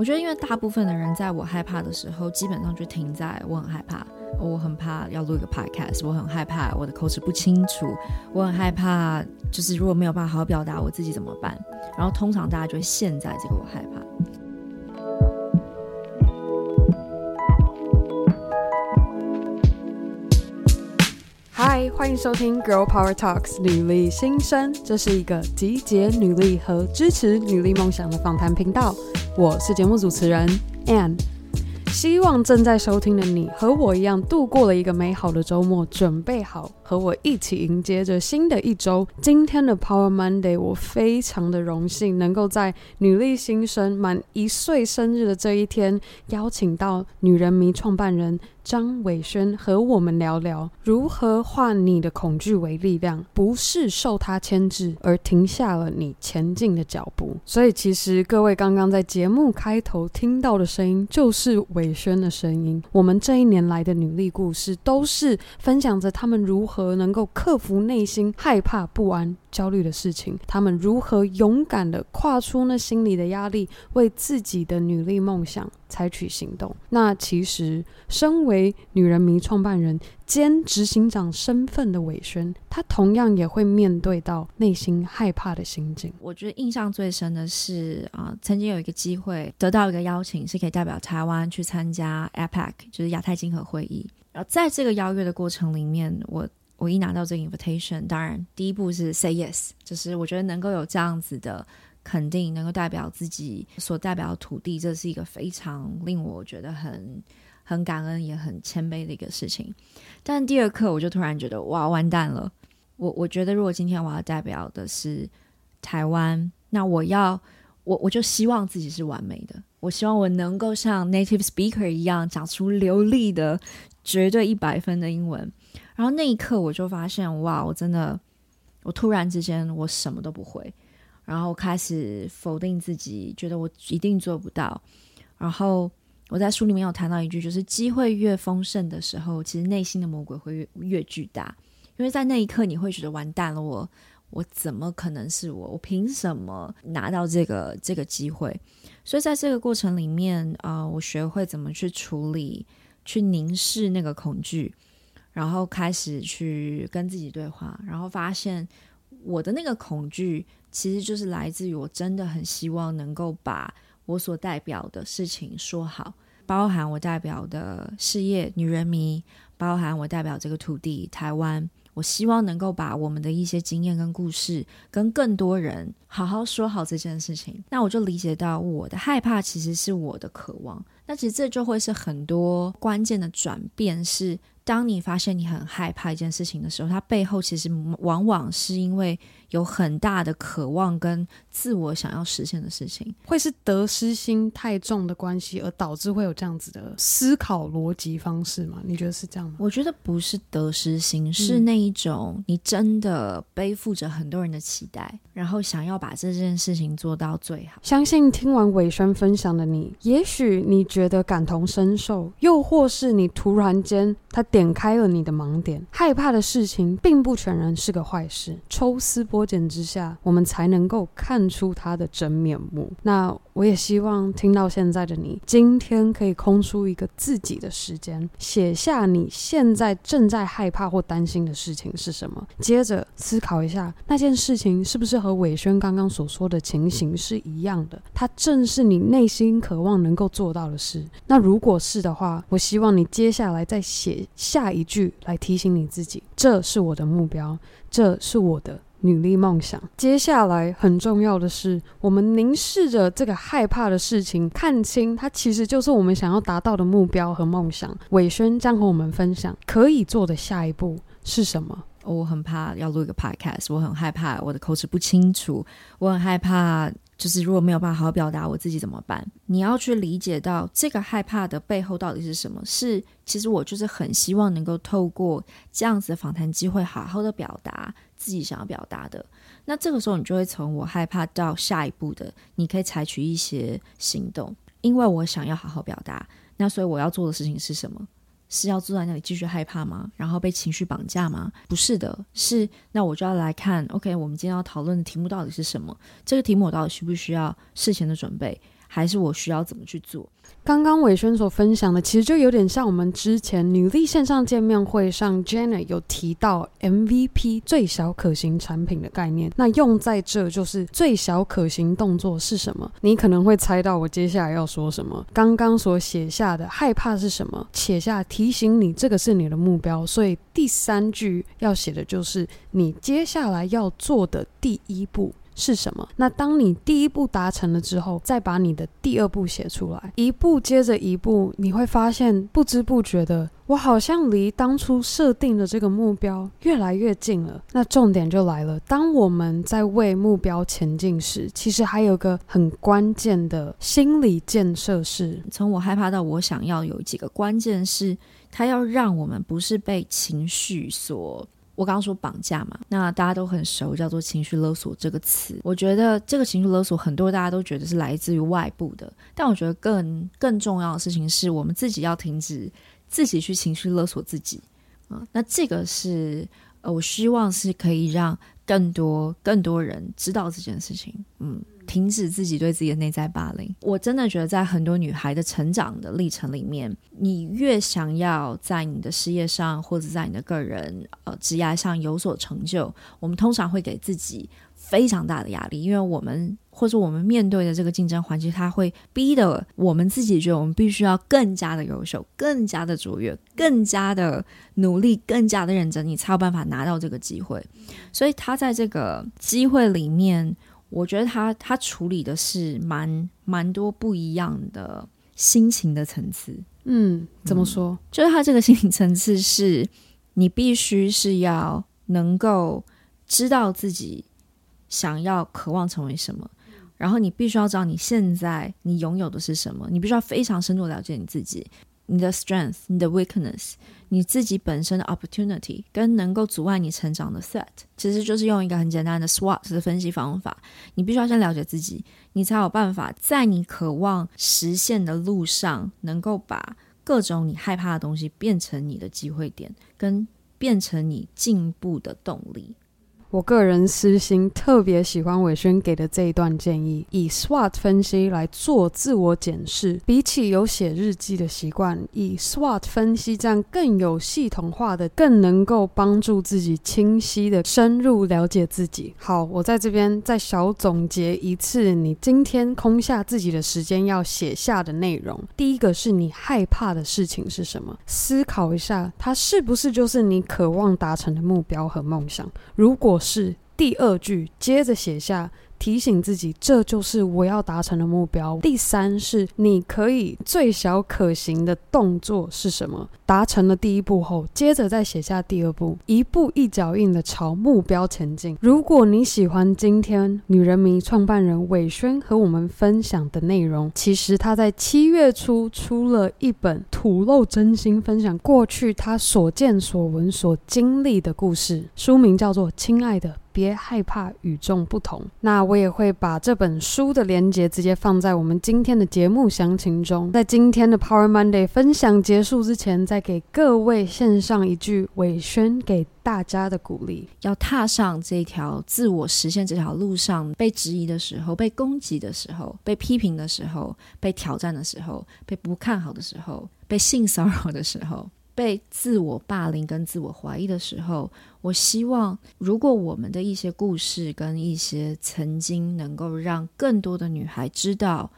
我覺得，因為大部分的人在我害怕的時候，基本上就停在我很害怕、哦，我很怕要錄一個 podcast，我很害怕我的口齒不清楚，我很害怕就是如果沒有辦法好好表達我自己怎麼辦。然後通常大家就會陷在這個我害怕。Hi，歡迎收聽 Girl Power Talks 女力心聲，這是一個集結女力和支持女力夢想的訪談頻道。我是節目主持人 Anne，希望正在收聽的你和我一樣，度過了一個美好的周末，準備好和我一起迎接着新的一周。今天的 Power Monday，我非常的榮幸能夠在女力心聲滿一歲生日的這一天，邀請到女人迷創辦人張瑋軒和我們聊聊如何化你的恐懼為力量，不是受他牽制而停下了你前進的腳步。所以，其實各位剛剛在節目開頭聽到的聲音，就是瑋軒的聲音。我們這一年來的女力故事，都是分享着他們如何能夠克服內心害怕不安、焦慮的事情，她們如何勇敢地跨出那心理的壓力，為自己的女力夢想採取行動？那其實，身為女人迷創辦人兼執行長身份的瑋軒，她同樣也會面對到內心害怕的心境。我覺得印象最深的是啊、呃，曾經有一個機會得到一個邀請，是可以代表台灣去參加 APEC，就是亞太經合會議。然後在這個邀約的過程裡面，我。我一拿到這個 invitation，當然第一步是 say yes，就是我覺得能夠有這樣子的肯定，能夠代表自己所代表的土地，這是一個非常令我覺得很很感恩也很謙卑的一個事情。但第二刻我就突然覺得，哇，完蛋了！我我覺得如果今天我要代表的是台灣，那我要我我就希望自己是完美的，我希望我能夠像 native speaker 一樣講出流利的絕對一百分的英文。然後那一刻，我就發現，哇！我真的，我突然之間，我什麼都不會，然後我開始否定自己，覺得我一定做不到。然後我在書裡面有談到一句，就是機會越豐盛的時候，其實內心的魔鬼會越越巨大，因為在那一刻，你會覺得完蛋了我，我我怎麼可能是我，我憑什麼拿到這個這個機會？所以在這個過程裡面，啊、呃，我學會怎麼去處理，去凝視那個恐懼。然後開始去跟自己對話，然後發現我的那個恐懼，其實就是來自於我真的很希望能夠把我所代表的事情說好，包含我代表的事業、女人迷，包含我代表這個土地台灣，我希望能夠把我們的一些經驗跟故事，跟更多人好好說好這件事情。那我就理解到，我的害怕其實是我的渴望。那其實這就會是很多關鍵的轉變是。當你發現你很害怕一件事情的時候，它背後其實往往是因為有很大的渴望跟自我想要實現的事情，會是得失心太重的關係而導致會有這樣子的思考邏輯方式嗎？你覺得是這樣嗎？我覺得不是得失心，是那一種你真的背負着很多人的期待，嗯、然後想要把這件事情做到最好。相信聽完瑋軒分享的你，也許你覺得感同身受，又或是你突然間。他點開了你的盲點，害怕的事情並不全然是個壞事。抽絲剝繭之下，我們才能夠看出它的真面目。那我也希望聽到現在的你，今天可以空出一個自己的時間，寫下你現在正在害怕或擔心的事情是什麼。接着思考一下，那件事情是不是和瑋軒剛剛所說的情形是一樣的？它正是你內心渴望能夠做到的事。那如果是的話，我希望你接下來再寫。下一句來提醒你自己，這是我的目標，這是我的努力夢想。接下來很重要的是，我們凝視着這個害怕的事情，看清它其實就是我們想要達到的目標和夢想。偉軒將和我們分享可以做的下一步是什麼？我很怕要錄一個 podcast，我很害怕我的口齒不清楚，我很害怕。就是如果沒有辦法好好表達我自己怎麼辦？你要去理解到這個害怕的背後到底是什麼？是其實我就是很希望能夠透過這樣子的訪談機會，好好的表達自己想要表達的。那這個時候你就會從我害怕到下一步的，你可以採取一些行動，因為我想要好好表達。那所以我要做的事情是什麼？是要坐在那裡繼續害怕嗎？然後被情緒綁架嗎？不是的，是那我就要來看。OK，我們今天要討論的題目到底是什麼？這個題目我到底需不需要事前的準備？還是我需要怎麼去做？剛剛瑋軒所分享的，其實就有點像我們之前女力線上見面會上，Jenna 有提到 MVP 最小可行產品的概念。那用在這就是最小可行動作是什麼？你可能會猜到我接下來要說什麼？剛剛所寫下的害怕是什麼？寫下提醒你，這個是你的目標。所以第三句要寫的就是你接下來要做的第一步，是什麼？那當你第一步達成了之後，再把你的第二步寫出來，一步接着一步，你會發現不知不覺的，我好像離當初設定的這個目標越來越近了。那重點就來了，當我們在為目標前進時，其實還有個很關鍵的心理建設是，從我害怕到我想要，有幾個關鍵是，是它要讓我們不是被情緒所。我剛剛說綁架嘛，那大家都很熟，叫做情緒勒索這個詞。我覺得這個情緒勒索，很多大家都覺得是來自於外部的，但我覺得更更重要的事情是我們自己要停止自己去情緒勒索自己啊，嗯。那這個是呃，我希望是可以讓更多更多人知道這件事情，嗯。停止自己對自己的內在霸凌。我真的覺得，在很多女孩的成長的歷程裡面，你越想要在你的事業上或者在你的個人呃職涯上有所成就，我們通常會給自己非常大的壓力，因為我們或者我們面對的這個競爭環境，它會逼得我們自己覺得我們必須要更加的優秀、更加的卓越、更加的努力、更加的認真，你才有辦法拿到這個機會。所以，他在這個機會裡面。我覺得他他處理的是蠻蠻多不一樣的心情的層次，嗯，嗯，怎麼說？就是他這個心理層次是，你必須是要能夠知道自己想要渴望成為什麼，然後你必須要知道你現在你擁有的是什麼，你必須要非常深入了解你自己。你的 strength，你的 weakness，你自己本身的 opportunity，跟能夠阻礙你成長的 threat，其實就是用一個很簡單的 SWOT 的分析方法。你必須要先了解自己，你才有辦法在你渴望實現的路上，能夠把各種你害怕的東西變成你的機會點，跟變成你進步的動力。我個人私心特別喜歡瑋軒給的這一段建議，以 SWOT 分析來做自我檢視，比起有寫日記的習慣，以 SWOT 分析這樣更有系統化的，更能夠幫助自己清晰地深入了解自己。好，我在這邊再小總結一次，你今天空下自己的時間要寫下的內容，第一個是你害怕的事情是什麼？思考一下，它是不是就是你渴望達成的目標和夢想？如果是第二句，接着寫下。提醒自己，這就是我要達成的目標。第三是，你可以最小可行的動作是什麼？達成了第一步後，接着再寫下第二步，一步一腳印的朝目標前進。如果你喜歡今天女人迷創辦人瑋軒和我們分享的內容，其實她在七月初出了一本吐露真心，分享過去她所見所聞所經歷的故事，書名叫做《親愛的》。別害怕與眾不同。那我也會把這本書的連接直接放在我們今天的節目詳情中。在今天的 Power Monday 分享結束之前，再給各位獻上一句瑋軒給大家的鼓勵：要踏上這一條自我實現這條路上，被質疑的時候，被攻擊的時候，被批評的時候，被挑戰的時候，被不看好的時候，被性騷擾的時候，被自我霸凌跟自我懷疑的時候，我希望如果我們的一些故事跟一些曾經能夠讓更多的女孩知道，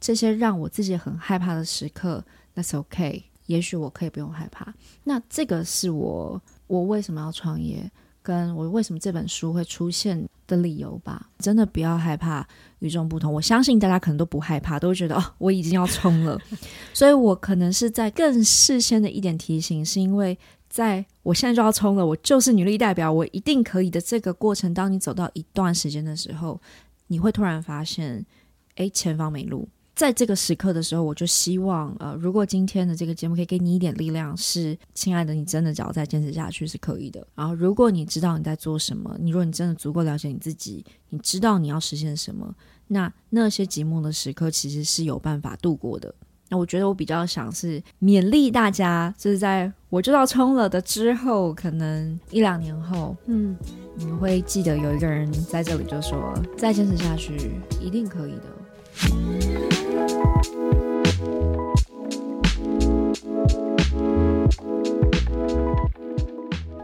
這些讓我自己很害怕的時刻，That's okay，也許我可以不用害怕。那這個是我，我為什麼要創業？跟我為什麼這本書會出現的理由吧，真的不要害怕與眾不同。我相信大家可能都不害怕，都會覺得哦，我已經要衝了。 所以我可能是在更事先的一點提醒，是因為在我現在就要衝了，我就是女力代表，我一定可以的這個過程。當你走到一段時間的時候，你會突然發現，哎，前方沒路。在這個時刻的時候，我就希望，呃，如果今天的這個節目可以給你一點力量，是親愛的，你真的只要再堅持下去是可以的。然後，如果你知道你在做什麼，你如果你真的足夠了解你自己，你知道你要實現什麼，那那些寂寞的時刻其實是有辦法度過的。那我覺得我比較想是勉勵大家，就是在我知道衝了的之後，可能一兩年後，嗯，你們會記得有一個人在這裡就說，再堅持下去，一定可以的。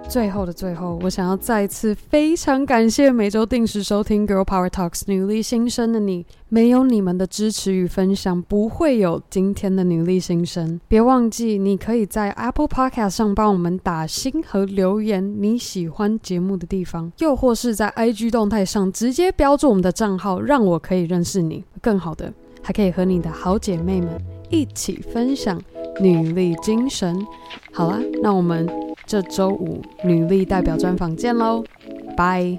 最後的最後，我想要再次非常感謝每周定時收聽《Girl Power Talks 女力心聲》的你。沒有你們的支持與分享，不會有今天的《女力心聲》。別忘記，你可以在 Apple Podcast 上幫我們打星和留言你喜歡節目的地方，又或是在 IG 動態上直接標注我們的賬號，讓我可以認識你，更好的。還可以和你的好姐妹們一起分享女力精神。好啦，那我們這週五女力代表專訪見嘍。拜。